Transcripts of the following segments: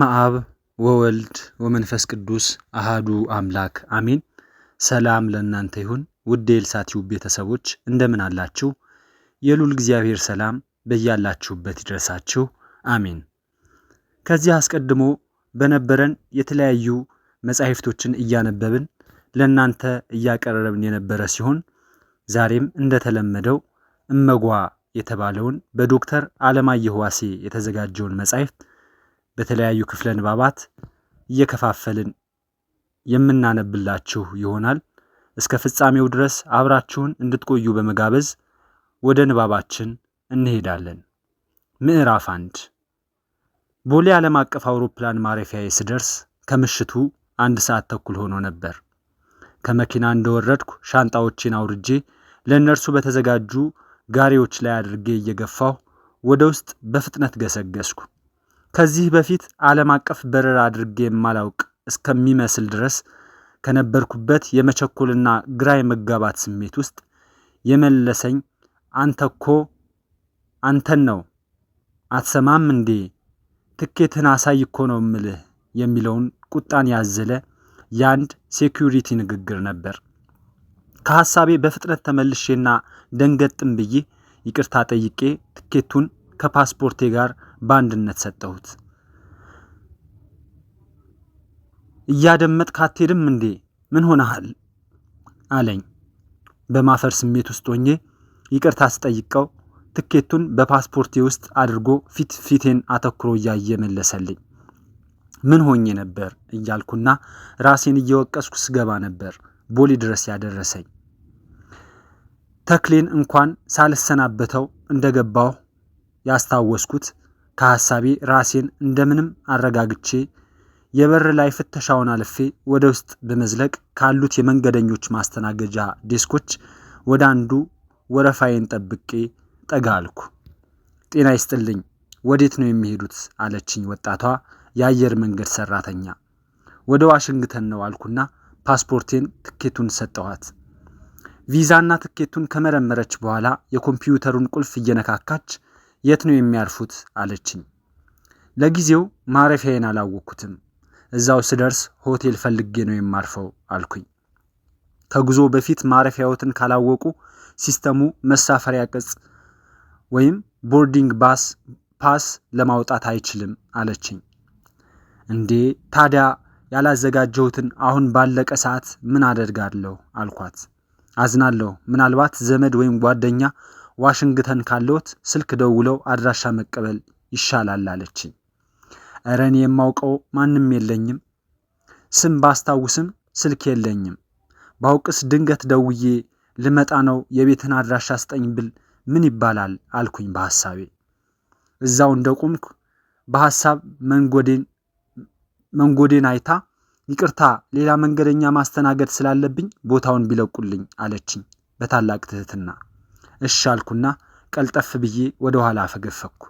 መአብ ወወልድ ወመንፈስ ቅዱስ አሃዱ አምላክ አሜን። ሰላም ለእናንተ ይሁን ውድ የልሳቲው ቤተሰቦች እንደምን አላችሁ? የሉል እግዚአብሔር ሰላም በያላችሁበት ይድረሳችሁ አሜን። ከዚህ አስቀድሞ በነበረን የተለያዩ መጻሕፍቶችን እያነበብን ለእናንተ እያቀረብን የነበረ ሲሆን ዛሬም እንደተለመደው እመጓ የተባለውን በዶክተር አለማየሁ ዋሴ የተዘጋጀውን መጻሕፍት በተለያዩ ክፍለ ንባባት እየከፋፈልን የምናነብላችሁ ይሆናል። እስከ ፍጻሜው ድረስ አብራችሁን እንድትቆዩ በመጋበዝ ወደ ንባባችን እንሄዳለን። ምዕራፍ አንድ ቦሌ ዓለም አቀፍ አውሮፕላን ማረፊያ ስደርስ ከምሽቱ አንድ ሰዓት ተኩል ሆኖ ነበር። ከመኪና እንደወረድኩ ሻንጣዎቼን አውርጄ ለእነርሱ በተዘጋጁ ጋሪዎች ላይ አድርጌ እየገፋሁ ወደ ውስጥ በፍጥነት ገሰገስኩ። ከዚህ በፊት ዓለም አቀፍ በረራ አድርጌ የማላውቅ እስከሚመስል ድረስ ከነበርኩበት የመቸኮልና ግራ የመጋባት ስሜት ውስጥ የመለሰኝ አንተ እኮ አንተን ነው አትሰማም እንዴ ትኬትን አሳይ እኮ ነው ምልህ የሚለውን ቁጣን ያዘለ የአንድ ሴኪዩሪቲ ንግግር ነበር። ከሐሳቤ በፍጥነት ተመልሼና ደንገጥም ብዬ ይቅርታ ጠይቄ ትኬቱን ከፓስፖርቴ ጋር በአንድነት ሰጠሁት። እያደመጥክ አትሄድም እንዴ? ምን ሆነሃል? አለኝ። በማፈር ስሜት ውስጥ ሆኜ ይቅርታ ስጠይቀው ትኬቱን በፓስፖርቴ ውስጥ አድርጎ ፊት ፊቴን አተኩሮ እያየ መለሰልኝ። ምን ሆኜ ነበር እያልኩና ራሴን እየወቀስኩ ስገባ ነበር ቦሌ ድረስ ያደረሰኝ። ተክሌን እንኳን ሳልሰናበተው እንደገባሁ ያስታወስኩት ታሳቢ ራሴን እንደምንም አረጋግቼ የበር ላይ ፍተሻውን አልፌ ወደ ውስጥ በመዝለቅ ካሉት የመንገደኞች ማስተናገጃ ዴስኮች ወደ አንዱ ወረፋዬን ጠብቄ ጠጋ አልኩ። ጤና ይስጥልኝ፣ ወዴት ነው የሚሄዱት? አለችኝ ወጣቷ የአየር መንገድ ሰራተኛ። ወደ ዋሽንግተን ነው አልኩና ፓስፖርቴን፣ ትኬቱን ሰጠኋት። ቪዛና ትኬቱን ከመረመረች በኋላ የኮምፒውተሩን ቁልፍ እየነካካች የት ነው የሚያርፉት አለችኝ። ለጊዜው ማረፊያዬን አላወቅኩትም። እዛው ስደርስ ሆቴል ፈልጌ ነው የማርፈው አልኩኝ። ከጉዞ በፊት ማረፊያዎትን ካላወቁ ሲስተሙ መሳፈሪያ ቅጽ ወይም ቦርዲንግ ባስ ፓስ ለማውጣት አይችልም አለችኝ። እንዴ ታዲያ ያላዘጋጀሁትን አሁን ባለቀ ሰዓት ምን አደርጋለሁ አልኳት። አዝናለሁ። ምናልባት ዘመድ ወይም ጓደኛ ዋሽንግተን ካለሁት ስልክ ደውለው አድራሻ መቀበል ይሻላል አለችኝ። እረ እኔ የማውቀው ማንም የለኝም። ስም ባስታውስም ስልክ የለኝም። ባውቅስ ድንገት ደውዬ ልመጣ ነው የቤትን አድራሻ ስጠኝ ብል ምን ይባላል አልኩኝ በሐሳቤ። እዛው እንደቆምኩ በሐሳብ መንጎዴን መንጎዴን አይታ ይቅርታ ሌላ መንገደኛ ማስተናገድ ስላለብኝ ቦታውን ቢለቁልኝ አለችኝ በታላቅ ትህትና። እሻልኩና አልኩና ቀልጠፍ ብዬ ወደ ኋላ አፈገፈግኩ።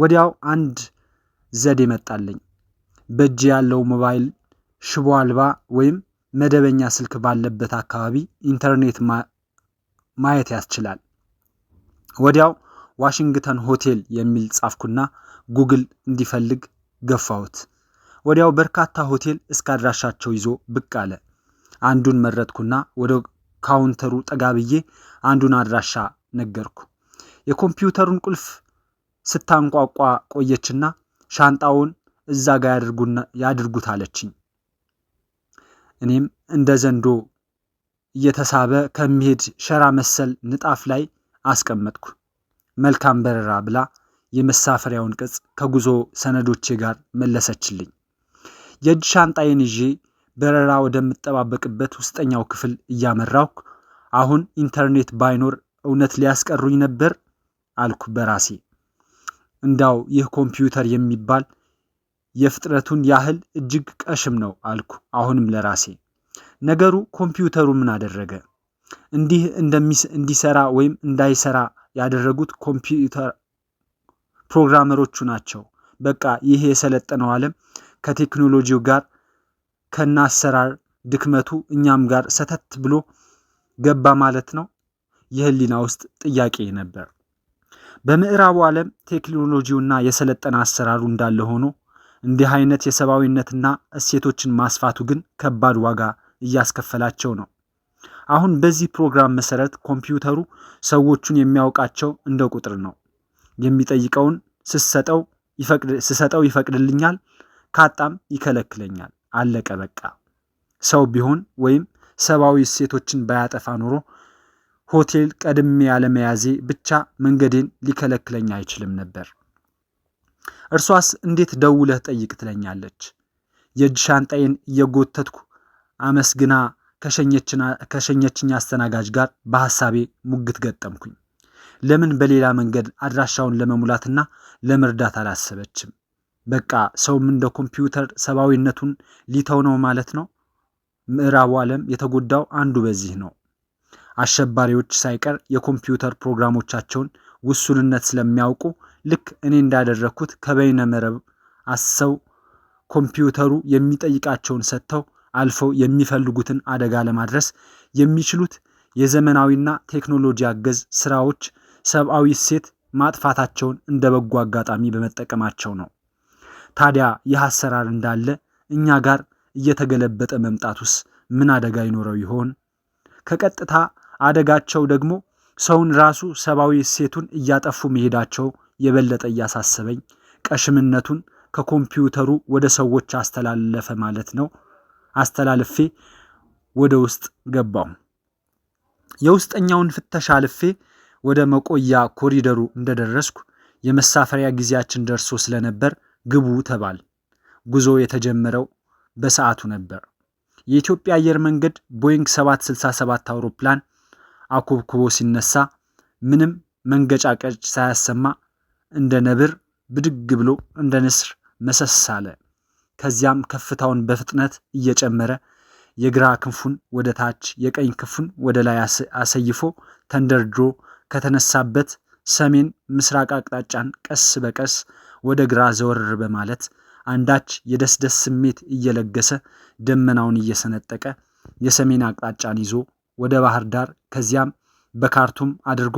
ወዲያው አንድ ዘዴ መጣልኝ። በእጅ ያለው ሞባይል ሽቦ አልባ ወይም መደበኛ ስልክ ባለበት አካባቢ ኢንተርኔት ማየት ያስችላል። ወዲያው ዋሽንግተን ሆቴል የሚል ጻፍኩና ጉግል እንዲፈልግ ገፋሁት። ወዲያው በርካታ ሆቴል እስከ አድራሻቸው ይዞ ብቅ አለ። አንዱን መረጥኩና ወደ ካውንተሩ ጠጋ ብዬ አንዱን አድራሻ ነገርኩ። የኮምፒውተሩን ቁልፍ ስታንቋቋ ቆየችና ሻንጣውን እዛ ጋር ያድርጉት አለችኝ። እኔም እንደ ዘንዶ እየተሳበ ከሚሄድ ሸራ መሰል ንጣፍ ላይ አስቀመጥኩ። መልካም በረራ ብላ የመሳፈሪያውን ቅጽ ከጉዞ ሰነዶቼ ጋር መለሰችልኝ። የእጅ ሻንጣዬን ይዤ በረራ ወደምጠባበቅበት ውስጠኛው ክፍል እያመራሁ አሁን ኢንተርኔት ባይኖር እውነት ሊያስቀሩኝ ነበር አልኩ በራሴ። እንዳው ይህ ኮምፒውተር የሚባል የፍጥረቱን ያህል እጅግ ቀሽም ነው አልኩ አሁንም ለራሴ። ነገሩ ኮምፒውተሩ ምን አደረገ? እንዲህ እንዲሰራ ወይም እንዳይሰራ ያደረጉት ኮምፒውተር ፕሮግራመሮቹ ናቸው። በቃ ይህ የሰለጠነው ዓለም ከቴክኖሎጂው ጋር ከነ አሰራር ድክመቱ እኛም ጋር ሰተት ብሎ ገባ ማለት ነው። የህሊና ውስጥ ጥያቄ ነበር። በምዕራቡ ዓለም ቴክኖሎጂውና የሰለጠነ አሰራሩ እንዳለ ሆኖ እንዲህ አይነት የሰብአዊነትና እሴቶችን ማስፋቱ ግን ከባድ ዋጋ እያስከፈላቸው ነው። አሁን በዚህ ፕሮግራም መሰረት ኮምፒውተሩ ሰዎቹን የሚያውቃቸው እንደ ቁጥር ነው። የሚጠይቀውን ስሰጠው ይፈቅድልኛል፣ ካጣም ይከለክለኛል። አለቀ በቃ። ሰው ቢሆን ወይም ሰብአዊ እሴቶችን ባያጠፋ ኑሮ ሆቴል ቀድሜ ያለመያዜ ብቻ መንገዴን ሊከለክለኝ አይችልም ነበር። እርሷስ እንዴት ደውለህ ጠይቅ ትለኛለች። የእጅ ሻንጣዬን እየጎተትኩ አመስግና ከሸኘችኝ አስተናጋጅ ጋር በሐሳቤ ሙግት ገጠምኩኝ። ለምን በሌላ መንገድ አድራሻውን ለመሙላትና ለመርዳት አላሰበችም? በቃ ሰውም እንደ ኮምፒውተር ሰብአዊነቱን ሊተው ነው ማለት ነው። ምዕራቡ ዓለም የተጎዳው አንዱ በዚህ ነው። አሸባሪዎች ሳይቀር የኮምፒውተር ፕሮግራሞቻቸውን ውሱንነት ስለሚያውቁ ልክ እኔ እንዳደረግኩት ከበይነ መረብ አሰው ኮምፒውተሩ የሚጠይቃቸውን ሰጥተው አልፈው የሚፈልጉትን አደጋ ለማድረስ የሚችሉት የዘመናዊና ቴክኖሎጂ አገዝ ስራዎች ሰብአዊ እሴት ማጥፋታቸውን እንደ በጎ አጋጣሚ በመጠቀማቸው ነው። ታዲያ ይህ አሰራር እንዳለ እኛ ጋር እየተገለበጠ መምጣቱስ ምን አደጋ ይኖረው ይሆን? ከቀጥታ አደጋቸው ደግሞ ሰውን ራሱ ሰብአዊ እሴቱን እያጠፉ መሄዳቸው የበለጠ እያሳሰበኝ ቀሽምነቱን ከኮምፒውተሩ ወደ ሰዎች አስተላለፈ ማለት ነው። አስተላልፌ ወደ ውስጥ ገባው። የውስጠኛውን ፍተሻ አልፌ ወደ መቆያ ኮሪደሩ እንደደረስኩ የመሳፈሪያ ጊዜያችን ደርሶ ስለነበር ግቡ ተባል። ጉዞ የተጀመረው በሰዓቱ ነበር። የኢትዮጵያ አየር መንገድ ቦይንግ 767 አውሮፕላን አኮብኩቦ ሲነሳ ምንም መንገጫቀጭ ሳያሰማ እንደ ነብር ብድግ ብሎ እንደ ንስር መሰስ አለ። ከዚያም ከፍታውን በፍጥነት እየጨመረ የግራ ክንፉን ወደ ታች የቀኝ ክንፉን ወደ ላይ አሰይፎ ተንደርድሮ ከተነሳበት ሰሜን ምስራቅ አቅጣጫን ቀስ በቀስ ወደ ግራ ዘወር በማለት አንዳች የደስደስ ስሜት እየለገሰ ደመናውን እየሰነጠቀ የሰሜን አቅጣጫን ይዞ ወደ ባህር ዳር ከዚያም በካርቱም አድርጎ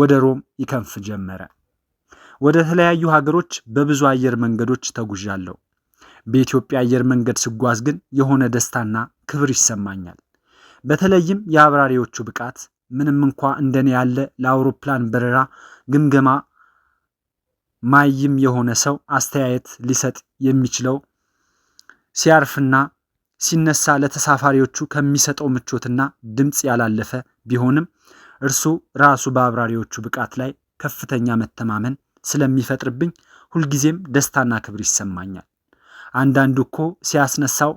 ወደ ሮም ይከንፍ ጀመረ። ወደ ተለያዩ ሀገሮች በብዙ አየር መንገዶች ተጉዣለሁ። በኢትዮጵያ አየር መንገድ ስጓዝ ግን የሆነ ደስታና ክብር ይሰማኛል። በተለይም የአብራሪዎቹ ብቃት ምንም እንኳ እንደኔ ያለ ለአውሮፕላን በረራ ግምገማ ማይም የሆነ ሰው አስተያየት ሊሰጥ የሚችለው ሲያርፍና ሲነሳ ለተሳፋሪዎቹ ከሚሰጠው ምቾትና ድምፅ ያላለፈ ቢሆንም እርሱ ራሱ በአብራሪዎቹ ብቃት ላይ ከፍተኛ መተማመን ስለሚፈጥርብኝ ሁልጊዜም ደስታና ክብር ይሰማኛል። አንዳንዱ እኮ ሲያስነሳው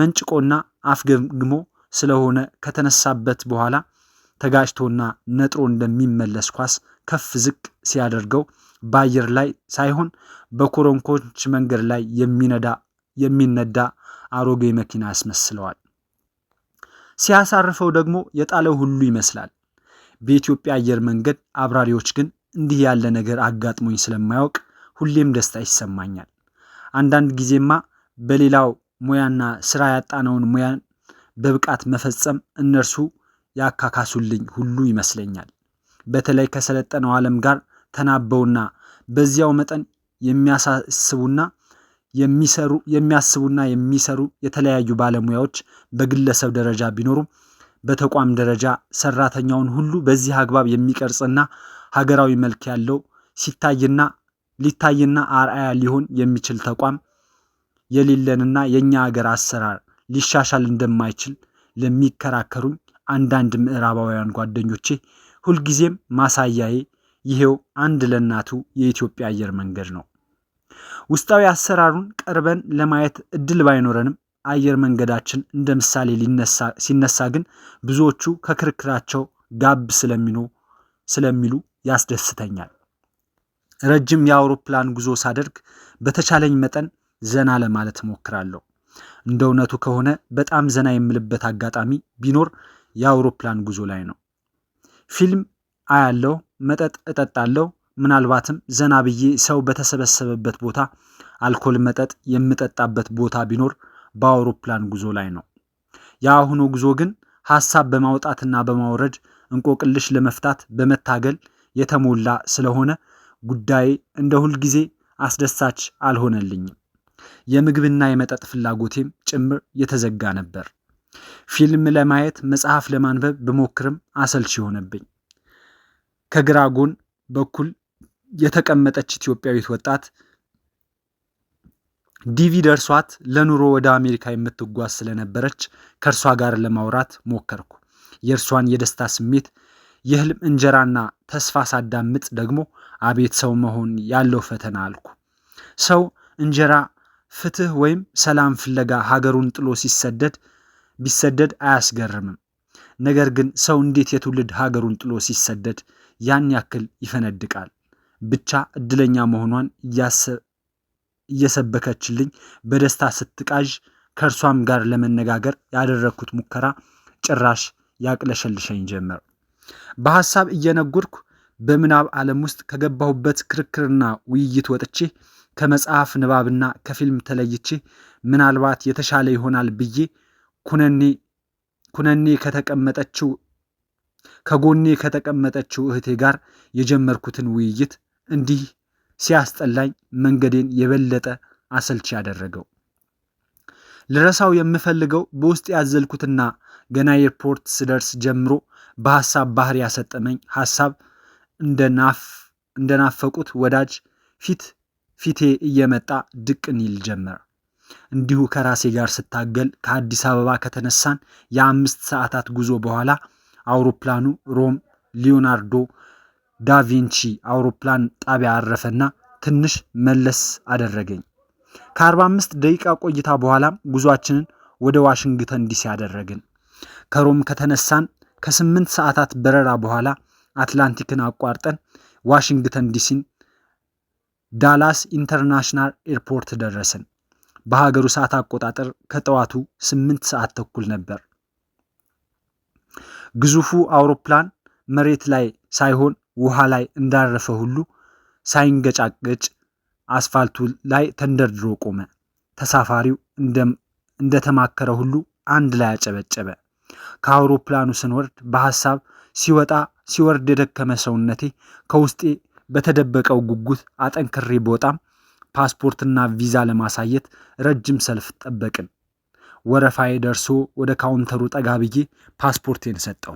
መንጭቆና አፍገግሞ ስለሆነ ከተነሳበት በኋላ ተጋጭቶና ነጥሮ እንደሚመለስ ኳስ ከፍ ዝቅ ሲያደርገው በአየር ላይ ሳይሆን በኮረንኮች መንገድ ላይ የሚነዳ አሮጌ መኪና ያስመስለዋል። ሲያሳርፈው ደግሞ የጣለው ሁሉ ይመስላል። በኢትዮጵያ አየር መንገድ አብራሪዎች ግን እንዲህ ያለ ነገር አጋጥሞኝ ስለማያውቅ ሁሌም ደስታ ይሰማኛል። አንዳንድ ጊዜማ በሌላው ሙያና ስራ ያጣነውን ሙያን በብቃት መፈጸም እነርሱ ያካካሱልኝ ሁሉ ይመስለኛል። በተለይ ከሰለጠነው ዓለም ጋር ተናበውና በዚያው መጠን የሚያሳስቡና የሚሰሩ የሚያስቡና የሚሰሩ የተለያዩ ባለሙያዎች በግለሰብ ደረጃ ቢኖሩ በተቋም ደረጃ ሰራተኛውን ሁሉ በዚህ አግባብ የሚቀርጽና ሀገራዊ መልክ ያለው ሲታይና ሊታይና አርአያ ሊሆን የሚችል ተቋም የሌለንና የእኛ ሀገር አሰራር ሊሻሻል እንደማይችል ለሚከራከሩኝ አንዳንድ ምዕራባውያን ጓደኞቼ ሁልጊዜም ማሳያዬ ይሄው አንድ ለእናቱ የኢትዮጵያ አየር መንገድ ነው። ውስጣዊ አሰራሩን ቀርበን ለማየት እድል ባይኖረንም አየር መንገዳችን እንደ ምሳሌ ሲነሳ ግን ብዙዎቹ ከክርክራቸው ጋብ ስለሚሉ ያስደስተኛል። ረጅም የአውሮፕላን ጉዞ ሳደርግ በተቻለኝ መጠን ዘና ለማለት እሞክራለሁ። እንደ እውነቱ ከሆነ በጣም ዘና የምልበት አጋጣሚ ቢኖር የአውሮፕላን ጉዞ ላይ ነው። ፊልም አያለው፣ መጠጥ እጠጣለሁ። ምናልባትም ዘና ብዬ ሰው በተሰበሰበበት ቦታ አልኮል መጠጥ የምጠጣበት ቦታ ቢኖር በአውሮፕላን ጉዞ ላይ ነው። የአሁኑ ጉዞ ግን ሀሳብ በማውጣትና በማውረድ እንቆቅልሽ ለመፍታት በመታገል የተሞላ ስለሆነ ጉዳይ እንደ ሁልጊዜ አስደሳች አልሆነልኝም። የምግብና የመጠጥ ፍላጎቴም ጭምር የተዘጋ ነበር። ፊልም ለማየት መጽሐፍ ለማንበብ ብሞክርም አሰልች ሆነብኝ። ከግራ ጎን በኩል የተቀመጠች ኢትዮጵያዊት ወጣት ዲቪ ደርሷት ለኑሮ ወደ አሜሪካ የምትጓዝ ስለነበረች ከእርሷ ጋር ለማውራት ሞከርኩ። የእርሷን የደስታ ስሜት፣ የህልም እንጀራና ተስፋ ሳዳምጥ ደግሞ አቤት ሰው መሆን ያለው ፈተና አልኩ። ሰው እንጀራ፣ ፍትህ ወይም ሰላም ፍለጋ ሀገሩን ጥሎ ሲሰደድ ቢሰደድ አያስገርምም። ነገር ግን ሰው እንዴት የትውልድ ሀገሩን ጥሎ ሲሰደድ ያን ያክል ይፈነድቃል። ብቻ እድለኛ መሆኗን እየሰበከችልኝ በደስታ ስትቃዥ ከእርሷም ጋር ለመነጋገር ያደረግኩት ሙከራ ጭራሽ ያቅለሸልሸኝ ጀመር። በሐሳብ እየነጎድኩ በምናብ ዓለም ውስጥ ከገባሁበት ክርክርና ውይይት ወጥቼ ከመጽሐፍ ንባብና ከፊልም ተለይቼ ምናልባት የተሻለ ይሆናል ብዬ ኩነኔ ኩነኔ ከተቀመጠችው ከጎኔ ከተቀመጠችው እህቴ ጋር የጀመርኩትን ውይይት እንዲህ ሲያስጠላኝ መንገዴን የበለጠ አሰልቺ ያደረገው። ልረሳው የምፈልገው በውስጥ ያዘልኩትና ገና ኤርፖርት ስደርስ ጀምሮ በሐሳብ ባህር ያሰጠመኝ ሐሳብ እንደናፈቁት ወዳጅ ፊት ፊቴ እየመጣ ድቅን ይል ጀመር። እንዲሁ ከራሴ ጋር ስታገል ከአዲስ አበባ ከተነሳን የአምስት ሰዓታት ጉዞ በኋላ አውሮፕላኑ ሮም ሊዮናርዶ ዳቪንቺ አውሮፕላን ጣቢያ አረፈና ትንሽ መለስ አደረገኝ። ከ45 ደቂቃ ቆይታ በኋላም ጉዟችንን ወደ ዋሽንግተን ዲሲ አደረግን። ከሮም ከተነሳን ከ8 ሰዓታት በረራ በኋላ አትላንቲክን አቋርጠን ዋሽንግተን ዲሲን ዳላስ ኢንተርናሽናል ኤርፖርት ደረስን። በሀገሩ ሰዓት አቆጣጠር ከጠዋቱ 8 ሰዓት ተኩል ነበር። ግዙፉ አውሮፕላን መሬት ላይ ሳይሆን ውሃ ላይ እንዳረፈ ሁሉ ሳይንገጫገጭ አስፋልቱ ላይ ተንደርድሮ ቆመ። ተሳፋሪው እንደተማከረ ሁሉ አንድ ላይ አጨበጨበ። ከአውሮፕላኑ ስንወርድ በሐሳብ ሲወጣ ሲወርድ የደከመ ሰውነቴ ከውስጤ በተደበቀው ጉጉት አጠንክሬ ቦጣም ፓስፖርትና ቪዛ ለማሳየት ረጅም ሰልፍ ጠበቅን። ወረፋዬ ደርሶ ወደ ካውንተሩ ጠጋ ብዬ ፓስፖርቴን ሰጠው።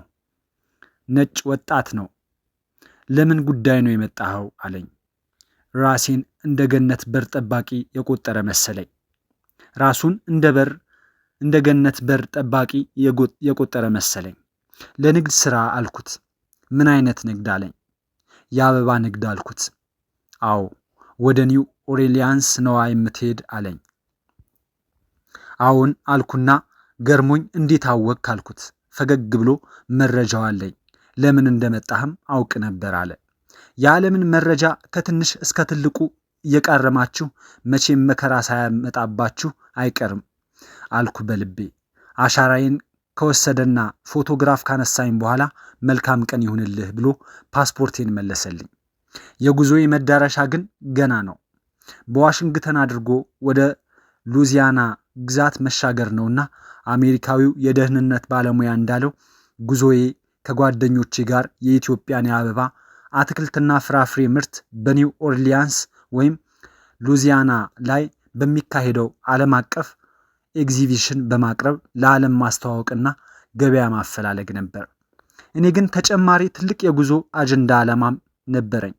ነጭ ወጣት ነው። ለምን ጉዳይ ነው የመጣኸው አለኝ። ራሴን እንደ ገነት በር ጠባቂ የቆጠረ መሰለኝ። ራሱን እንደ በር እንደ ገነት በር ጠባቂ የቆጠረ መሰለኝ። ለንግድ ሥራ አልኩት። ምን አይነት ንግድ አለኝ። የአበባ ንግድ አልኩት። አዎ ወደ ኒው ኦሬሊያንስ ነዋ የምትሄድ አለኝ። አዎን አልኩና ገርሞኝ እንዴት አወቅክ አልኩት። ፈገግ ብሎ መረጃው አለኝ፣ ለምን እንደመጣህም አውቅ ነበር አለ። የዓለምን መረጃ ከትንሽ እስከ ትልቁ እየቃረማችሁ መቼም መከራ ሳያመጣባችሁ አይቀርም አልኩ በልቤ። አሻራዬን ከወሰደና ፎቶግራፍ ካነሳኝ በኋላ መልካም ቀን ይሁንልህ ብሎ ፓስፖርቴን መለሰልኝ። የጉዞዬ መዳረሻ ግን ገና ነው። በዋሽንግተን አድርጎ ወደ ሉዚያና ግዛት መሻገር ነውና አሜሪካዊው የደህንነት ባለሙያ እንዳለው ጉዞዬ ከጓደኞቼ ጋር የኢትዮጵያን የአበባ አትክልትና ፍራፍሬ ምርት በኒው ኦርሊያንስ ወይም ሉዚያና ላይ በሚካሄደው ዓለም አቀፍ ኤግዚቢሽን በማቅረብ ለዓለም ማስተዋወቅና ገበያ ማፈላለግ ነበር። እኔ ግን ተጨማሪ ትልቅ የጉዞ አጀንዳ ዓላማም ነበረኝ።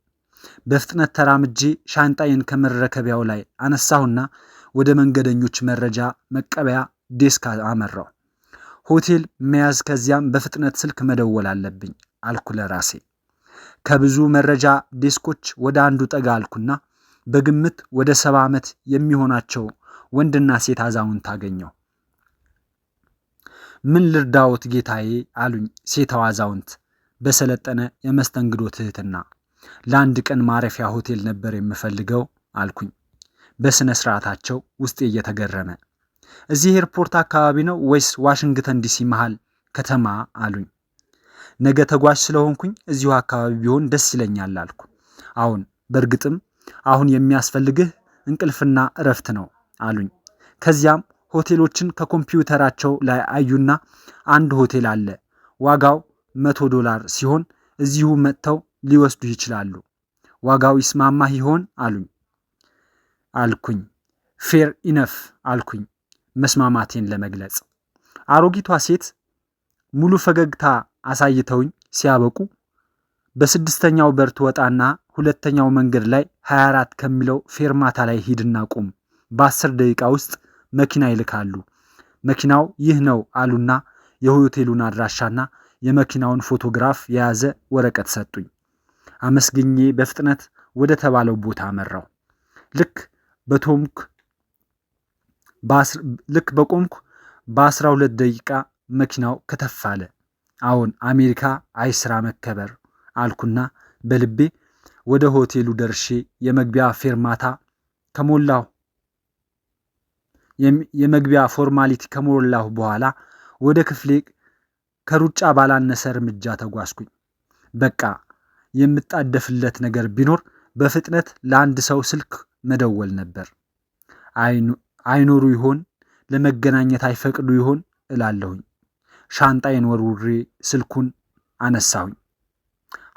በፍጥነት ተራምጄ ሻንጣዬን ከመረከቢያው ላይ አነሳሁና ወደ መንገደኞች መረጃ መቀበያ ዴስክ አመራው። ሆቴል መያዝ፣ ከዚያም በፍጥነት ስልክ መደወል አለብኝ አልኩ ለራሴ። ከብዙ መረጃ ዴስኮች ወደ አንዱ ጠጋ አልኩና በግምት ወደ ሰባ ዓመት የሚሆናቸው ወንድና ሴት አዛውንት አገኘው። ምን ልርዳዎት ጌታዬ አሉኝ ሴታው አዛውንት በሰለጠነ የመስተንግዶ ትህትና። ለአንድ ቀን ማረፊያ ሆቴል ነበር የምፈልገው አልኩኝ። በሥነ ሥርዓታቸው ውስጤ እየተገረመ እዚህ ኤርፖርት አካባቢ ነው ወይስ ዋሽንግተን ዲሲ መሃል ከተማ አሉኝ። ነገ ተጓዥ ስለሆንኩኝ እዚሁ አካባቢ ቢሆን ደስ ይለኛል አልኩ። አሁን በእርግጥም አሁን የሚያስፈልግህ እንቅልፍና እረፍት ነው አሉኝ። ከዚያም ሆቴሎችን ከኮምፒውተራቸው ላይ አዩና አንድ ሆቴል አለ ዋጋው መቶ ዶላር ሲሆን እዚሁ መጥተው ሊወስዱ ይችላሉ። ዋጋው ይስማማህ ይሆን አሉኝ። አልኩኝ። ፌር ኢነፍ አልኩኝ መስማማቴን ለመግለጽ። አሮጊቷ ሴት ሙሉ ፈገግታ አሳይተውኝ ሲያበቁ በስድስተኛው በር ትወጣና ሁለተኛው መንገድ ላይ 24 ከሚለው ፌርማታ ላይ ሂድና ቁም፣ በአስር ደቂቃ ውስጥ መኪና ይልካሉ። መኪናው ይህ ነው አሉና የሆቴሉን አድራሻና የመኪናውን ፎቶግራፍ የያዘ ወረቀት ሰጡኝ። አመስግኜ በፍጥነት ወደ ተባለው ቦታ አመራው። ልክ በቶምክ ልክ በቆምኩ በአስራ ሁለት ደቂቃ መኪናው ከተፋለ። አለ። አሜሪካ አይስራ መከበር አልኩና በልቤ ወደ ሆቴሉ ደርሼ የመግቢያ ፌርማታ ከሞላሁ የመግቢያ ፎርማሊቲ ከሞላሁ በኋላ ወደ ክፍሌ ከሩጫ ባላነሰ እርምጃ ተጓዝኩኝ። በቃ የምጣደፍለት ነገር ቢኖር በፍጥነት ለአንድ ሰው ስልክ መደወል ነበር። አይኖሩ ይሆን? ለመገናኘት አይፈቅዱ ይሆን እላለሁኝ። ሻንጣዬን ወርውሬ ስልኩን አነሳሁኝ።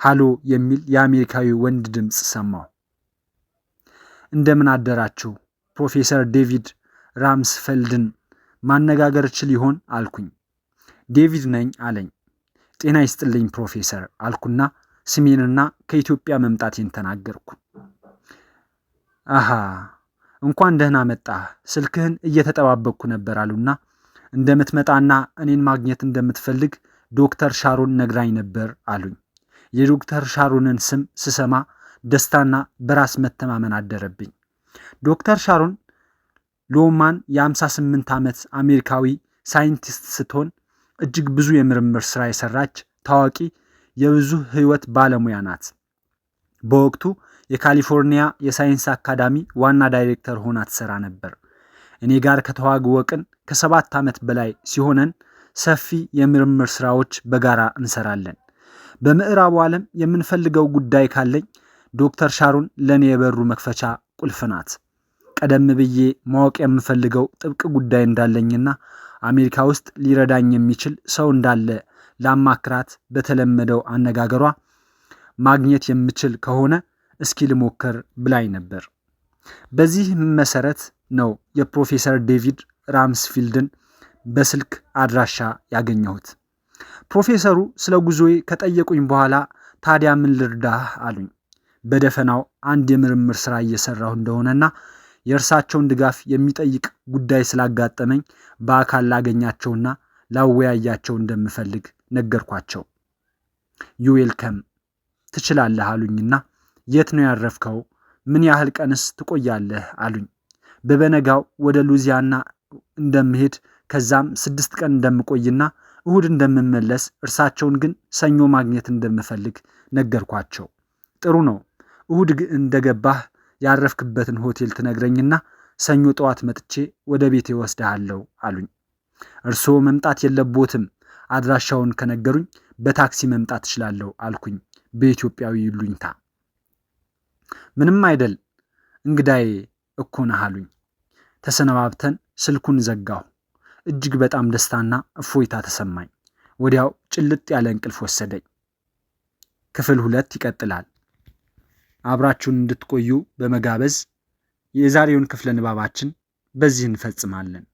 ሃሎ የሚል የአሜሪካዊ ወንድ ድምፅ ሰማሁ። እንደምን አደራችሁ ፕሮፌሰር ዴቪድ ራምስፌልድን ማነጋገር እችል ይሆን አልኩኝ። ዴቪድ ነኝ አለኝ። ጤና ይስጥልኝ ፕሮፌሰር አልኩና ስሜንና ከኢትዮጵያ መምጣቴን ተናገርኩ። አሃ እንኳን ደህና መጣ ስልክህን እየተጠባበቅኩ ነበር አሉና እንደምትመጣና እኔን ማግኘት እንደምትፈልግ ዶክተር ሻሮን ነግራኝ ነበር አሉኝ። የዶክተር ሻሮንን ስም ስሰማ ደስታና በራስ መተማመን አደረብኝ። ዶክተር ሻሮን ሎማን የ58 ዓመት አሜሪካዊ ሳይንቲስት ስትሆን እጅግ ብዙ የምርምር ሥራ የሰራች ታዋቂ የብዙ ሕይወት ባለሙያ ናት። በወቅቱ የካሊፎርኒያ የሳይንስ አካዳሚ ዋና ዳይሬክተር ሆና ትሰራ ነበር። እኔ ጋር ከተዋወቅን ከሰባት ዓመት በላይ ሲሆነን ሰፊ የምርምር ስራዎች በጋራ እንሰራለን። በምዕራቡ ዓለም የምንፈልገው ጉዳይ ካለኝ ዶክተር ሻሩን ለእኔ የበሩ መክፈቻ ቁልፍ ናት። ቀደም ብዬ ማወቅ የምፈልገው ጥብቅ ጉዳይ እንዳለኝና አሜሪካ ውስጥ ሊረዳኝ የሚችል ሰው እንዳለ ላማክራት በተለመደው አነጋገሯ ማግኘት የምችል ከሆነ እስኪ ልሞክር ብላኝ ነበር። በዚህ መሰረት ነው የፕሮፌሰር ዴቪድ ራምስፊልድን በስልክ አድራሻ ያገኘሁት። ፕሮፌሰሩ ስለ ጉዞዬ ከጠየቁኝ በኋላ ታዲያ ምን ልርዳህ አሉኝ። በደፈናው አንድ የምርምር ስራ እየሰራሁ እንደሆነና የእርሳቸውን ድጋፍ የሚጠይቅ ጉዳይ ስላጋጠመኝ በአካል ላገኛቸውና ላወያያቸው እንደምፈልግ ነገርኳቸው። ዩዌልከም ትችላለህ አሉኝና የት ነው ያረፍከው? ምን ያህል ቀንስ ትቆያለህ? አሉኝ። በበነጋው ወደ ሉዚያና እንደምሄድ ከዛም ስድስት ቀን እንደምቆይና እሁድ እንደምመለስ እርሳቸውን ግን ሰኞ ማግኘት እንደምፈልግ ነገርኳቸው። ጥሩ ነው፣ እሁድ እንደገባህ ያረፍክበትን ሆቴል ትነግረኝና ሰኞ ጠዋት መጥቼ ወደ ቤቴ ወስድሃለሁ አሉኝ። እርስዎ መምጣት የለቦትም፣ አድራሻውን ከነገሩኝ በታክሲ መምጣት እችላለሁ አልኩኝ በኢትዮጵያዊ ይሉኝታ። ምንም አይደል እንግዳዬ እኮ ነህ አሉኝ። ተሰነባብተን ስልኩን ዘጋሁ። እጅግ በጣም ደስታና እፎይታ ተሰማኝ። ወዲያው ጭልጥ ያለ እንቅልፍ ወሰደኝ። ክፍል ሁለት ይቀጥላል። አብራችሁን እንድትቆዩ በመጋበዝ የዛሬውን ክፍለ ንባባችን በዚህ እንፈጽማለን።